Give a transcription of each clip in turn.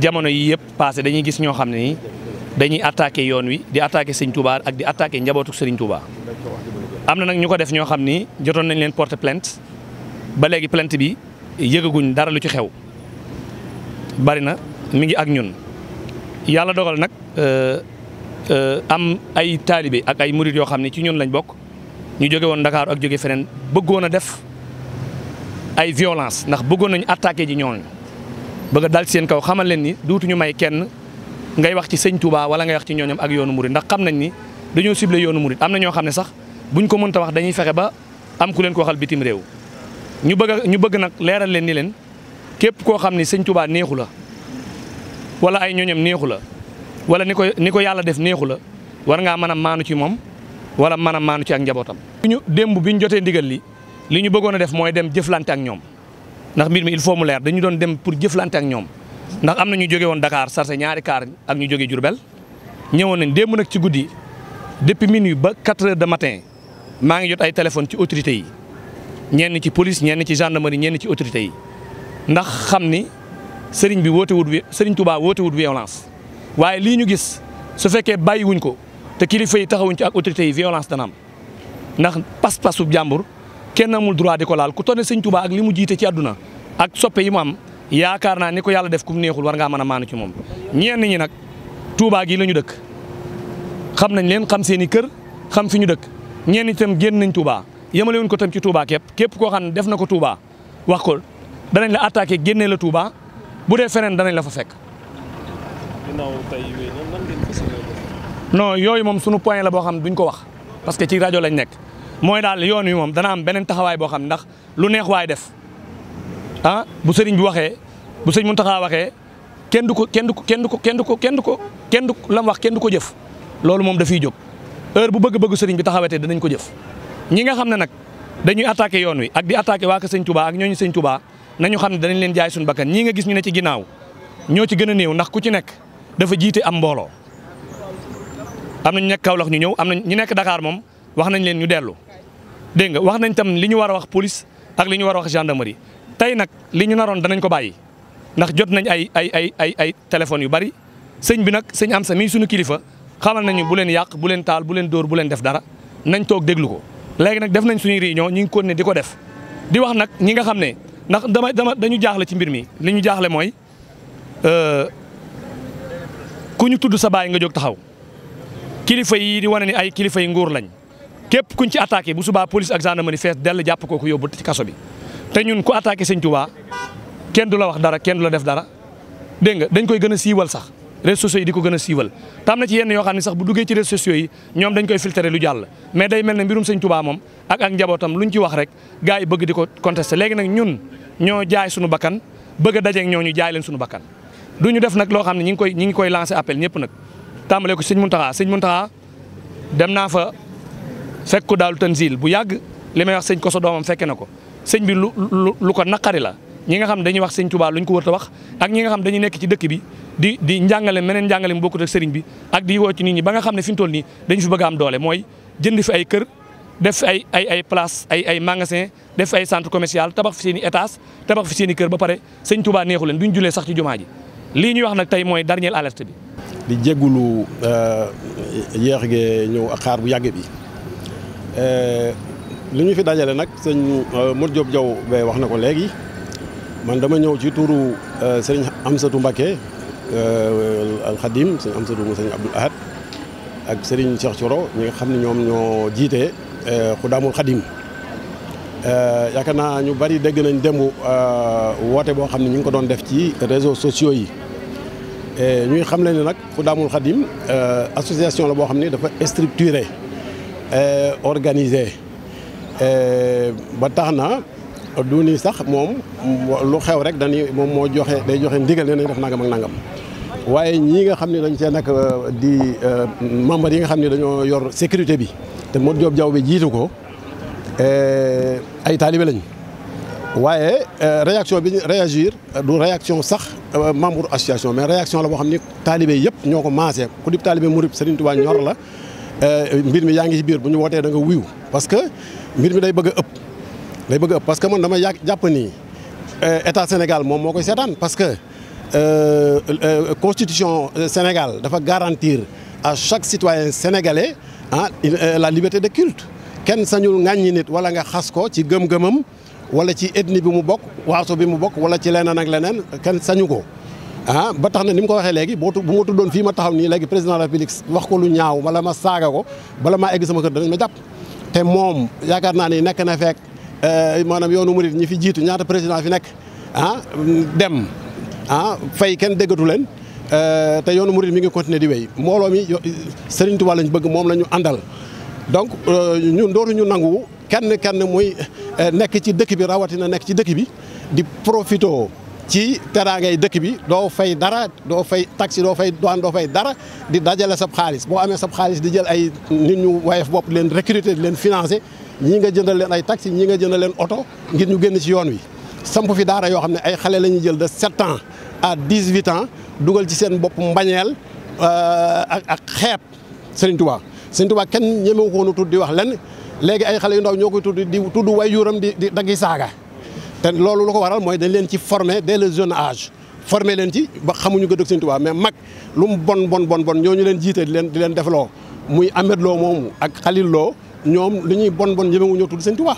jamono yii yëpp passé dañuy gis ñoo xam ne nii dañuy attaqué yoon wi di attaqué sëñ Touba ak di attaqué njabootu sëriñ Touba. am na nag ñu ko def ñoo xam ni jotoon nañ leen porte plainte ba léegi plainte bi yëgaguñ dara lu ci xew bari na mi ngi ak ñun yàlla dogal nag euh, euh, am ay taalibe ak ay murit yoo xam ne ci ñun lañ bokk ñu jóge woon Ndakaaru ak jóge feneen bëggoon a def ay violence ndax bëggoon nañu attaqué ji ñooñu. bëgg a ci seen kaw xamal leen ni duutuñu may kenn ngay wax ci sëñ Touba wala ngay wax ci ñooñam ak yoonu murid ndax xam nañ ni dañoo sible yoonu murid am na ñoo xam ne sax buñ ko mënta wax dañuy fexe ba am ku leen ko waxal bitim réew ñu bëgg ñu bëgg nag leeral leen ni leen képp koo xam ni sëñ Touba neexu la wala ay ñooñam neexu la wala ni ko ni ko yàlla def neexu la war ngaa mën a maanu ci moom wala mën a maanu ci ak njabootam. ñu démb bi ñu jotee ndigal li li ñu bëggoon a def mooy dem jëflante ak ñoom ndax mbir mi il faut mu leer dañu doon dem pour jëflante ak ñoom ndax am na ñu jóge woon Dakar sarse ñaari kaar ak ñu jóge Diourbel ñëwoon nañ démb nag ci guddi depuis minuit ba 4 heures de matin maa ngi jot ay téléphone ci autorités yi ñenn ci police ñenn ci gendarmerie ñenn ci autorités yi ndax xam ni sëriñ bi woote wut wi sëriñ Touba woote wut violence waaye lii ñu gis su fekkee bàyyi wuñ ko te kilifa yi taxawuñ ci ak autorité yi violence dana am ndax pas-pasu jàmbur. kenn amul droit di ko laal ku tone sëñ Touba ak li mu jiite ci àdduna ak soppe yi mu am yaakaar naa ni ko yàlla def ku neexul war ngaa man a maanu ci moom ñeen ñi nag Touba gi lañu dëkk xam nañ leen xam seen i kër xam fi ñu dëkk ñenn itam génn nañ Touba yemale wuñ ko tam ci Touba képp képp koo xam ne def na ko Touba wax ko danañ la attaqué génnee la Touba bu dee feneen danañ la fa fekk. non yooyu moom sunu point la boo xam duñ ko wax parce que ci rajo lañ nekk. mooy daal yoon wi moom dana am beneen taxawaay boo xam ndax lu neex waay def ah bu sëriñ bi waxee bu sëriñ Mountakha waxee kenn du ko kenn du kenn du kenn du ko kenn du ko kenn lam wax kenn du ko jëf loolu moom dafiy jóg heure bu bëgg-bëgg sëriñ bi taxawatee danañ ko jëf ñi nga xam ne nag dañuy attaqué yoon wi ak di attaqué waa ko sëñ Touba ak ñooñu sëñ Touba nañu xam ne danañ leen jaay suñu bakkan ñii nga gis ñu ne ci ginnaaw ñoo ci gën a néew ndax ku ci nekk dafa jiite am mbooloo am nañu nekk Kaolack ñu ñëw am na ñu nekk Dakar moom wax nañ leen ñu dellu dégg nga wax nañ tam li ñu war a wax police ak li ñu war a wax gendarmerie tey nag li ñu naroon danañ ko bàyyi ndax jot nañ ay ay ay ay ay téléphones yu bari sëñ bi nag sëñ am sa mii suñu kilifa xamal nañu bu leen yàq bu leen taal bu leen dóor bu leen def dara nañ toog déglu ko léegi nag def nañ suñuy réunion ñu ngi continuer di ko def di nag ñi nga xam ne ndax dama dama dañu jaaxle ci mbir mi li ñu jaaxle mooy euh, ku ñu tudd sa baay nga jóg taxaw kilifa yi di wane ni ay kilifa yi nguur lañ képp ku ci attaqué bu subaa police ak gendarmerie fees dell jàpp kooku yóbbu ci kaso bi te ñun ku attaqué sëñ Touba kenn du la wax dara kenn du la def dara dégg nga dañ koy gën a siiwal sax res sociaux yi di ko gën a siiwal te am na ci yenn yoo xam ne sax bu duggee ci réseaux sociaux yi ñoom dañ koy filtrer lu jàll mais day mel ne mbirum sëñ Touba moom ak ak njabootam luñ ci wax rek gars yi bëgg di ko contester léegi nag ñun ñoo jaay suñu bakkan bëgg a dajeeg ñoo ñu jaay leen suñu bakkan du ñu def nag loo xam ne ñi ngi koy ñi ngi koy lancer appel ñëpp nag tàmbalee ko sëñ Mountakha sëñ Mountakha dem naa fa fekk ko daalu tanzil bu yàgg li may wax sëñ koso doomam fekke na ko sëñ bi lu lu ko naqari la ñi nga xam ne dañuy wax sëñ Tuubaa luñ ko wër a wax ak ñi nga xam dañuy nekk ci dëkk bi di di njàngale meneen njàngale mu bokkut ak sëriñ bi ak di woo ci nit ñi ba nga xam ne fi mu toll nii dañu fi bëgg am doole mooy jënd fi ay kër def fi ay ay ay place ay ay magasin def fi ay centre commercial tabax fi seen i étage tabax fi seen i kër ba pare sëñ Tuubaa neexu leen duñ julee sax ci jumaa ji lii ñuy wax nag tey mooy dernière alerte bi. di jégalu euh, yéex gee ñëw xaar bu yàgg bi. Euh, li ñu fi dajale nag sëñ euh, Modou Diop Diaw ba wax na ko léegi man dama ñëw ci tuuru euh, sëñ Amsatou Mbacké al Khadim sëñ Amsatou mu sëñ Abdoul Ahad ak sëriñ Cheikh Thioro ñi nga xam ne ñoom ñoo jiitee jiite Xudaamul Khadim yaakaar naa ñu bari dégg nañ démb woote boo xam ne ñu ngi ko doon def ci réseau sociaux yi e ñuy xam leen ni nag Xudaamul Khadim association la boo xam ne dafa structuré Euh, organisé euh, ba tax na du ni sax moom lu xew rek dañuy moom moo joxe day joxe ndigal ne nañ def nangam ak nangam waaye ñii nga xam ne dañ see nag euh, di membres yi nga xam ne dañoo yor sécurité bi te moo Diop Diaw bi jiitu ko ay taalibe lañ waaye réaction bi ñu réagir du réaction sax membre association mais réaction la boo xam ni taalibe yëpp ñoo ko maasee ku di taalibe murid Serigne Touba ñor la Euh, mbir mi yaa ngi ci biir bu ñu wootee danga nga wuyu parce que mbir mi day bëgg a ëpp day bëgg ëpp parce que man dama yàgg jàpp ni euh, état Sénégal moom moo koy seetaan parce que euh, constitution Sénégal dafa garantir à chaque citoyen sénégalais ah la liberté de culte kenn sañul ŋàññi nit wala nga xas ko ci gëm-gëmam wala ci ethnie bi mu bokk waaso bi mu bokk wala ci leneen ak leneen kenn sañu ko. ah ba tax na ni mu ko waxee léegi bu ma tuddoon fii ma taxaw nii léegi président de la République wax ko lu ñaaw wala ma saaga ko bala maa egg sama kër danañ jàpp te moom yaakaar naa ni nekk na fekk eh, maanaam yoonu murit ñi fi jiitu ñaata président fi nekk ah ah fay kenn déggatu leen eh, te yoonu murit mi ngi continuer di wéy mbooloo mi Sëriñ Tuubaa ñu bëgg moom la ñu àndal donc eh, ñun ñu nangu kenn kenn muy nekk ci dëkk bi rawatina nekk ci dëkk bi di profito ci teraangay dëkk bi doo fay dara doo fay taxi doo fay douane doo fay dara di dajale sab xaalis boo amee sab xaalis di jël ay nit ñu wayef bopp leen recruter di leen financer ñi nga jëndal leen ay taksi ñi nga jëndal leen oto ngir ñu génn ci yoon wi samp fi daara yoo xam ne ay xale la ñuy jël de 7 ans à 18 ans dugal ci seen bopp mbañeel euh, ak ak xeeb Serigne Touba Serigne Touba kenn ñemewu ko woon a tudd di wax lenn léegi ay xale yu ndaw ñoo koy tudd di tudd way yuuram di di daggi saaga te loolu lu ko waral mooy dañ leen ci former de le jeune âge former leen ci ba xamuñu gëdd ak Sëñ Tuubaa mais mag lu mu bon bon bon bon ñooñu leen jiite di leen di leen defloo muy Ahmed Lo moomu ak Khalil loo ñoom lu ñuy bon bon ñëmewu ñoo tudd Sëñ Tuubaa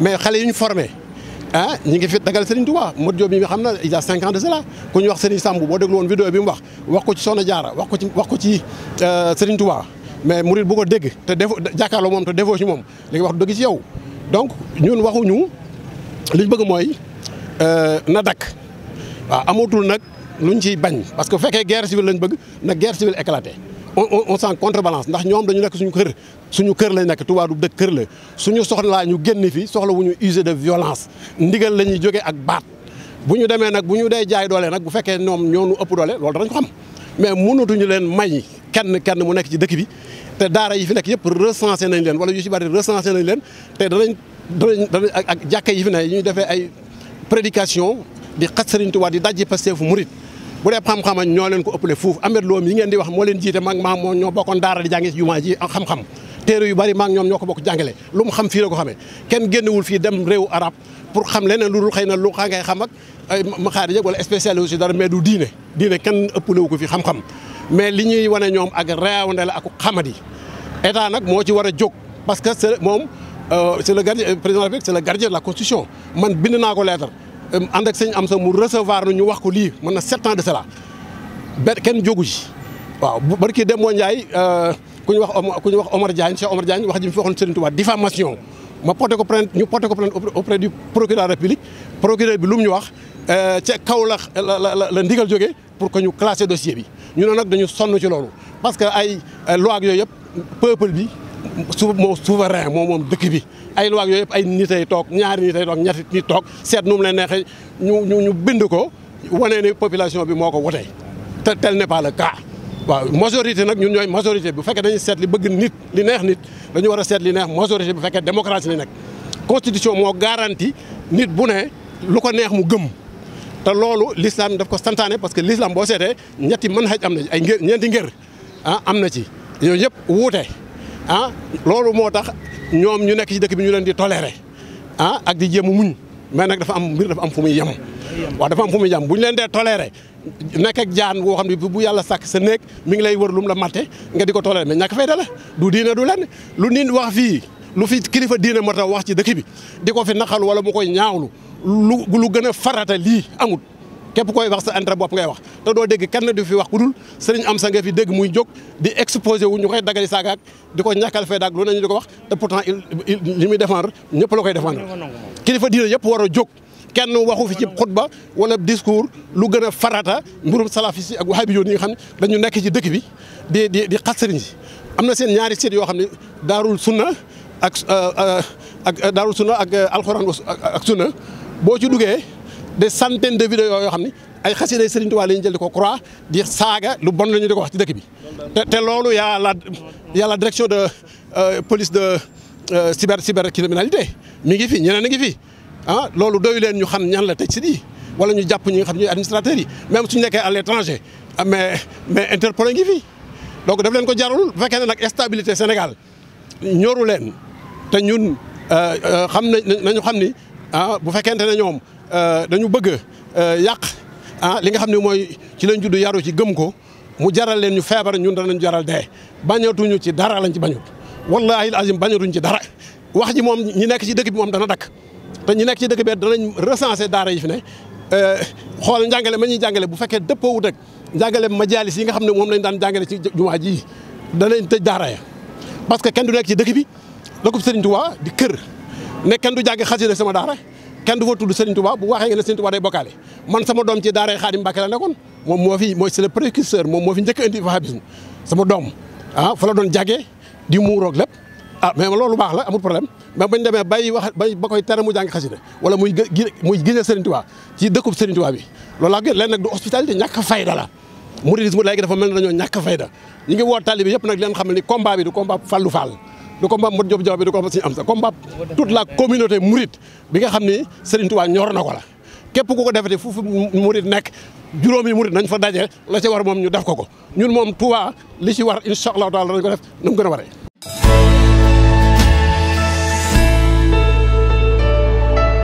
mais xale yi ñu formé ah ñi ngi fi dagal Serigne Touba Modou Diop mi nga xam na il y a cinq ans de ku ñu wax Serigne Samb boo déglu woon vidéo bi mu wax wax ko ci Soxna Jaara wax ko ci wax ko ci euh, Serigne Touba mais murid bu ko dégg te defoo jàkkaarloo moom te defoo ci moom li wax dëgg ci yow donc ñun waxuñu. li bëgg mooy euh, na dakk waaw amatul nag luñ ci bañ parce que bu fekkee guerre civile lañ bëgg na guerre civile éclaté on on on contrebalance ndax ñoom dañu nekk suñu kër suñu kër lañ nekk Touba du dëkk kër la suñu soxlaa ñu génn fi soxla wu ñu user de violence ndigal la ñuy jógee ak baat bu ñu demee nag bu ñu dee jaay doole nag bu fekkee ñoom ñoo nu ëpp doole loolu danañ ko xam mais mënatuñu leen may kenn kenn mu nekk ci dëkk bi te daara yi fi nekk yëpp recensé nañ leen wala yu ci bari recensé nañ leen te danañ. danañ ak jàkka yi fi ne ñuy defee ay prédication di xas Serigne Touba di dajji Pastef fu murit bu dee xam-xam ñoo leen ko ëppale fuuf amet loom yi ngeen di wax moo leen jiite maag maa moo ñoo bokkoon daara di jànge ci jumaa ji xam-xam téere yu bari maag ñoom ñoo ko lu mu xam fii ko xamee kenn génnewul fii dem réewu arab pour xam leneen lu dul xëy na lu xaa ngay ma ak ay maxaari wala spécialiste aussi dara mais du diine diine kenn ëppalewu ko fi xam-xam mais li ñuy wane ñoom ak réewande la ak xamadi état nag moo ci war a jóg parce que moom Euh, c' euh, la c' est le gardien de la constitution man bind naa ko lettre euh, ànd ak am sa mu recevoir na ñu wax ko lii man na sept ans de cela benn kenn jógu ji waaw barki Demba Ndiaye ku ñu wax ku ñu wax Omar Diagne Cheikh Omar Diagne wax ji mu fi waxoon Serigne Touba diffamation ma porté ko plainte ñu porté ko plainte auprès du procureur République procureur bi lu mu ñu wax ca kaw la la la ndigal jóge pour que ñu classé dossier bi ñu ne nag dañu sonn ci loolu parce que ay loi yooyu yëpp peuple su moo souverain moom moom dëkk bi ay luwaag yooyu yëpp ay nitay toog ñaari nitay toog ñetti nit toog seet nu mu leen neexee ñu ñu ñu bind ko wane ne population bi moo ko wotee te tel n'est pas le cas waaw majorité nag ñun ñooy majorité bu fekkee dañu seet li bëgg nit li neex nit dañu wara a seet li neex majorité bu fekkee démocratie li nekk constitution moo garantie nit bu ne lu ko neex mu gëm te loolu l'islam def ko santaane parce que l'islam boo seetee ñetti manhaj am na ay ngër ñeenti ngër ah am na ci yooyu yëpp wuute ah loolu moo tax ñoom ñu nekk ci dëkk bi ñu leen di toléré ah ak di jéem a muñ mais nag dafa am mbir dafa am fu muy yem waaw dafa am fu muy yem bu ñu leen dee toléré nekk ak jaan boo xam ne bu yàlla sàkk sa néeg mi ngi lay wër lum la matte nga di ko toléré mais ñàkk fay dala du diina du lenn lu nit wax fii lu fi kilifa diine moo tax wax ci dëkk bi di ko fi naqal wala mu koy ñaawlu lu lu gën a farata lii amut képp koy wax sa intérêt bopp ngay wax te doo dégg kenn du fi wax ku dul sëriñ am sa fi dégg muy jóg di exposé wu ñu koy dagali saagaak di ko ñakkal fay daag lu nañu di ko wax te pourtant il muy défendre ñëpp la koy défendre kilifa di yëpp war a jóg kenn waxu fi ci xutba wala discours lu gën a farata mbirum salafis yi ak wahabi yoon yi xam ne dañu nekk ci dëkk bi di di di xas sëriñ si am na seen ñaari seet yoo xam ne daarul sunna ak euh, euh, ak euh, daarul sunna ak alxuraan ak sunna boo ci duggee des centaines de vidéos yoo xam ne ay xasida Serigne Touba ñu jël di ko croix di saaga lu bon la ñu di ko wax ci dëkk bi. te te loolu y'a la y'a la direction de euh, police de euh, cyber cybercriminalité mi ngi fi ñeneen a ngi fi ah loolu doyu leen ñu xam ñan la te si di wala ñu jàpp ñi nga xam ñooy administrateurs yi même suñu nekkee à l'étranger ah, mais mais interpol ngi fi. donc daf leen ko jarul bu fekkee ne nag stabilité Sénégal ñoru leen te ñun euh, xam nañ nañu xam ni ah bu fekkente ne ñoom. Euh, dañu bëgg euh, yàq ah li nga xam ne mooy ci lañ judd yaru ci gëm ko mu jaral leen ñu feebar ñun danañ jaral dee bañatuñu ci dara lañ ci bañut wallahi azim bañatuñ ci dara wax ji moom ñu nekk ci dëkk bi moom dana dakk te ñi nekk ci dëkk bi danañ recenser daara yi fi ne euh, xool njàngale ma ñuy jàngale bu fekkee dëppoo wut ak njàngale majalis yi nga xam ne moom lañ daan jàngale ci jumaa ji danañ tëj daara ya parce que kenn du nekk ci dëkk bi dëkkub Sëriñ Tuubaa di kër ne kenn du jàng xasida sama daara kenn du fa tudd Serigne Touba bu waxee nga ne Serigne Touba day bokkaale man sama doom ci daara Xaadim Mbàkke la nekkoon moom moo fi moo fi njëkk a indi wahhabisme sama ah, la doon jagee di muuroog lépp ah mais loolu baax la amul problème mais bañ demee bay wax bay ba koy tere mu jàng xasida wala muy muy gis Serigne Touba ci dëkkub Serigne Touba bi loolu laa gën leen nag du hospitalité ñàkk fayda la mouridisme léegi dafa mel ne dañoo ñàkk fayda ñu ngi woo taalibe yëpp nag leen xam ne ni combat bi du combat du combat Modou Diop Diaw bi du am Serigne Amsa combat toute la communauté murit bi nga xam ni Serigne Touba ñor na ko la képp ku ko defete fu murid nekk juróomi murid nañ fa daje la ci war moom ñu def ko ko ñun moom Touba li ci war incha allahu taala dañ ko def na mu gën a waree